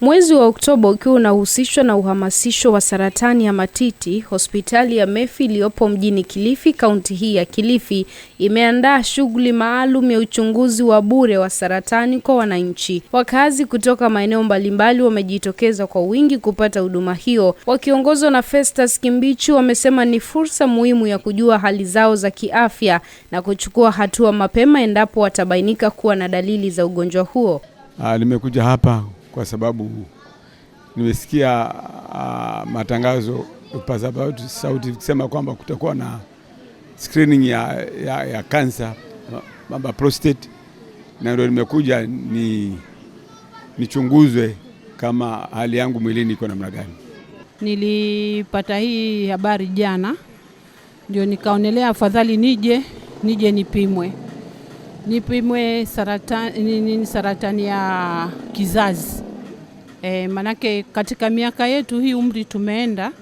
Mwezi wa Oktoba ukiwa unahusishwa na uhamasisho wa saratani ya matiti, hospitali ya Mefi iliyopo mjini Kilifi, kaunti hii ya Kilifi, imeandaa shughuli maalum ya uchunguzi wa bure wa saratani kwa wananchi. Wakazi kutoka maeneo mbalimbali wamejitokeza kwa wingi kupata huduma hiyo. Wakiongozwa na Festus Kimbichu, wamesema ni fursa muhimu ya kujua hali zao za kiafya na kuchukua hatua mapema endapo watabainika kuwa na dalili za ugonjwa huo. Ah, nimekuja hapa kwa sababu nimesikia uh, matangazo vipaza sauti vikisema kwamba kutakuwa na screening ya, ya, ya kansa mamba prostate, na ndio nimekuja ni nichunguzwe kama hali yangu mwilini iko namna gani. Nilipata hii habari jana, ndio nikaonelea afadhali nije nije nipimwe nipimwe saratani, nini saratani ya kizazi e, manake katika miaka yetu hii umri tumeenda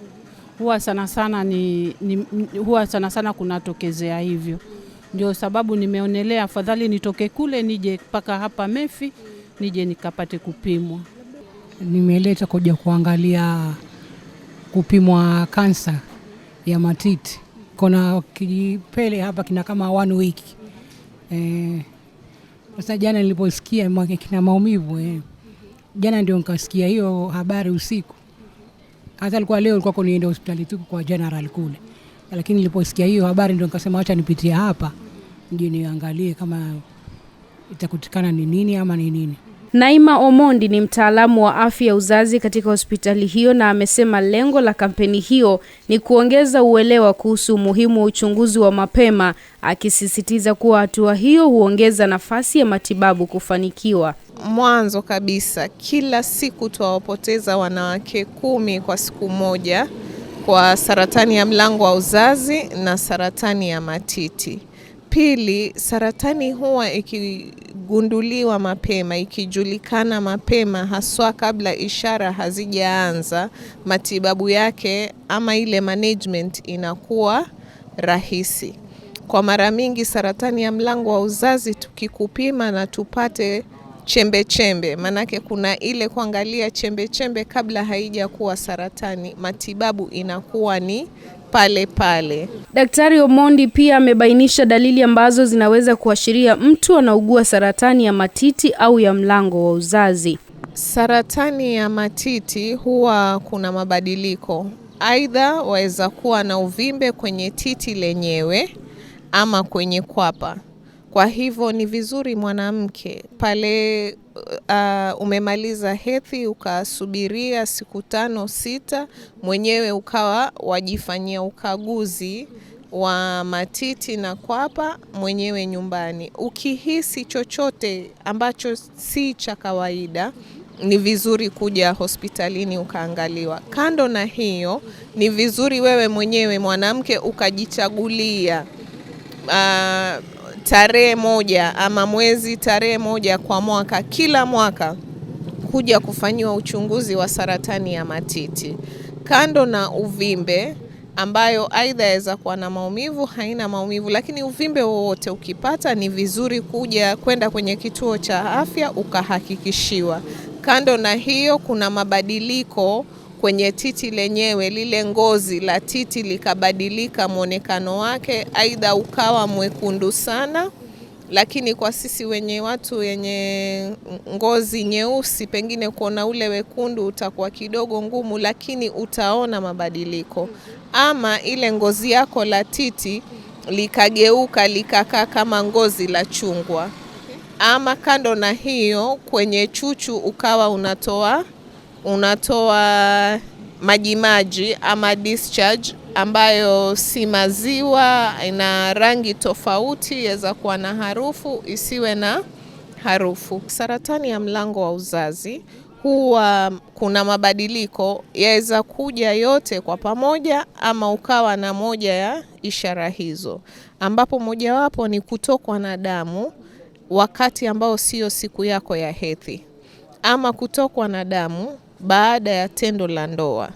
huwa sana sana, ni, ni, huwa sana sana kunatokezea hivyo. Ndio sababu nimeonelea afadhali nitoke kule nije mpaka hapa Mefi nije nikapate kupimwa. Nimeleta kuja kuangalia kupimwa kansa ya matiti. kuna kijipele hapa kina kama one week Eh. Sasa jana niliposikia mwake kina maumivu eh. Jana ndio nikasikia hiyo habari usiku. Hata alikuwa leo alikuwa kuniende hospitali tu kwa general kule. Lakini niliposikia hiyo habari ndio nikasema acha nipitie hapa. mjini niangalie kama itakutikana ni nini ama ni nini. Naima Omondi ni mtaalamu wa afya ya uzazi katika hospitali hiyo na amesema lengo la kampeni hiyo ni kuongeza uelewa kuhusu umuhimu wa uchunguzi wa mapema, akisisitiza kuwa hatua hiyo huongeza nafasi ya matibabu kufanikiwa. Mwanzo kabisa, kila siku twawapoteza wanawake kumi kwa siku moja kwa saratani ya mlango wa uzazi na saratani ya matiti. Pili, saratani huwa iki ikigunduliwa mapema, ikijulikana mapema, haswa kabla ishara hazijaanza, matibabu yake ama ile management inakuwa rahisi. Kwa mara mingi saratani ya mlango wa uzazi tukikupima na tupate chembe chembe, maanake kuna ile kuangalia chembe chembe kabla haija kuwa saratani, matibabu inakuwa ni pale pale. Daktari Omondi pia amebainisha dalili ambazo zinaweza kuashiria mtu anaugua saratani ya matiti au ya mlango wa uzazi. Saratani ya matiti huwa kuna mabadiliko, aidha waweza kuwa na uvimbe kwenye titi lenyewe ama kwenye kwapa kwa hivyo ni vizuri mwanamke pale uh, umemaliza hethi ukasubiria siku tano sita, mwenyewe ukawa wajifanyia ukaguzi wa matiti na kwapa mwenyewe nyumbani. Ukihisi chochote ambacho si cha kawaida ni vizuri kuja hospitalini ukaangaliwa. Kando na hiyo, ni vizuri wewe mwenyewe mwanamke ukajichagulia uh, tarehe moja ama mwezi tarehe moja kwa mwaka kila mwaka kuja kufanyiwa uchunguzi wa saratani ya matiti, kando na uvimbe ambayo aidha yaweza kuwa na maumivu, haina maumivu, lakini uvimbe wowote ukipata, ni vizuri kuja kwenda kwenye kituo cha afya ukahakikishiwa. Kando na hiyo, kuna mabadiliko kwenye titi lenyewe, lile ngozi la titi likabadilika mwonekano wake, aidha ukawa mwekundu sana lakini kwa sisi wenye watu wenye ngozi nyeusi, pengine kuona ule wekundu utakuwa kidogo ngumu, lakini utaona mabadiliko. Ama ile ngozi yako la titi likageuka likakaa kama ngozi la chungwa, ama kando na hiyo, kwenye chuchu ukawa unatoa unatoa majimaji ama discharge ambayo si maziwa, ina rangi tofauti, yaweza kuwa na harufu, isiwe na harufu. Saratani ya mlango wa uzazi huwa kuna mabadiliko, yaweza kuja yote kwa pamoja ama ukawa na moja ya ishara hizo, ambapo mojawapo ni kutokwa na damu wakati ambao sio siku yako ya hedhi ama kutokwa na damu baada ya tendo la ndoa,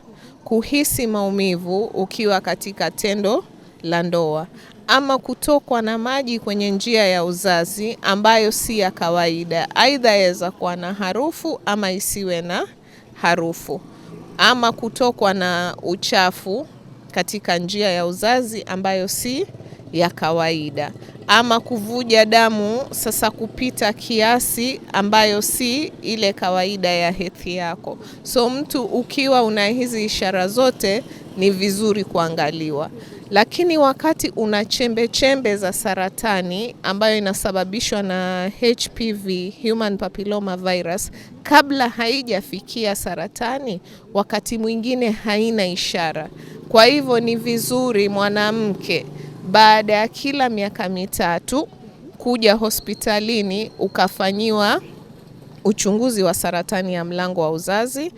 kuhisi maumivu ukiwa katika tendo la ndoa, ama kutokwa na maji kwenye njia ya uzazi ambayo si ya kawaida, aidha yaweza kuwa na harufu ama isiwe na harufu, ama kutokwa na uchafu katika njia ya uzazi ambayo si ya kawaida ama kuvuja damu sasa kupita kiasi ambayo si ile kawaida ya hethi yako. So mtu ukiwa una hizi ishara zote ni vizuri kuangaliwa, lakini wakati una chembe chembe za saratani ambayo inasababishwa na HPV, Human Papilloma Virus, kabla haijafikia saratani, wakati mwingine haina ishara. Kwa hivyo ni vizuri mwanamke baada ya kila miaka mitatu kuja hospitalini ukafanyiwa uchunguzi wa saratani ya mlango wa uzazi.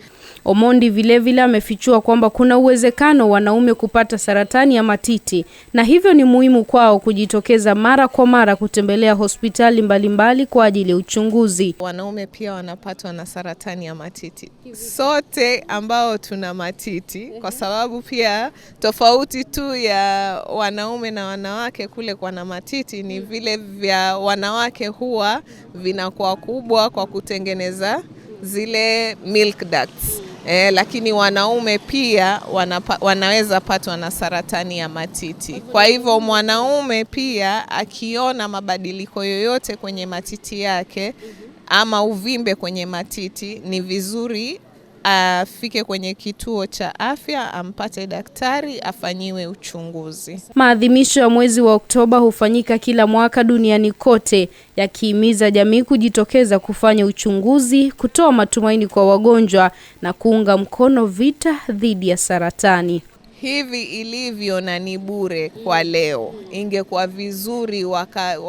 Omondi vilevile amefichua kwamba kuna uwezekano wanaume kupata saratani ya matiti na hivyo ni muhimu kwao kujitokeza mara kwa mara kutembelea hospitali mbalimbali mbali kwa ajili ya uchunguzi. Wanaume pia wanapatwa na saratani ya matiti, sote ambao tuna matiti, kwa sababu pia tofauti tu ya wanaume na wanawake kule kwa na matiti ni vile vya wanawake huwa vinakuwa kubwa kwa kute kutengeneza zile milk ducts. Eh, lakini wanaume pia wanapa, wanaweza patwa na saratani ya matiti. Kwa hivyo mwanaume pia akiona mabadiliko yoyote kwenye matiti yake ama uvimbe kwenye matiti ni vizuri afike kwenye kituo cha afya ampate daktari afanyiwe uchunguzi. Maadhimisho ya mwezi wa Oktoba hufanyika kila mwaka duniani kote, yakihimiza jamii kujitokeza kufanya uchunguzi, kutoa matumaini kwa wagonjwa na kuunga mkono vita dhidi ya saratani hivi ilivyo na ni bure kwa leo. Ingekuwa vizuri wakajaa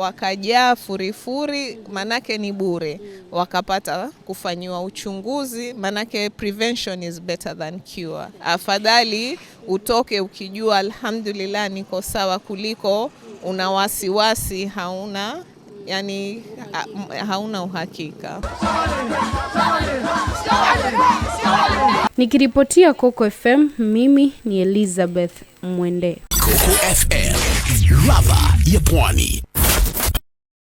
waka furifuri, manake ni bure, wakapata kufanyiwa uchunguzi, manake prevention is better than cure. Afadhali utoke ukijua alhamdulillah, niko sawa, kuliko una wasiwasi hauna yani hauna uhakika. Nikiripotia Coco FM, mimi ni Elizabeth Mwende, Coco FM, ladha ya Pwani.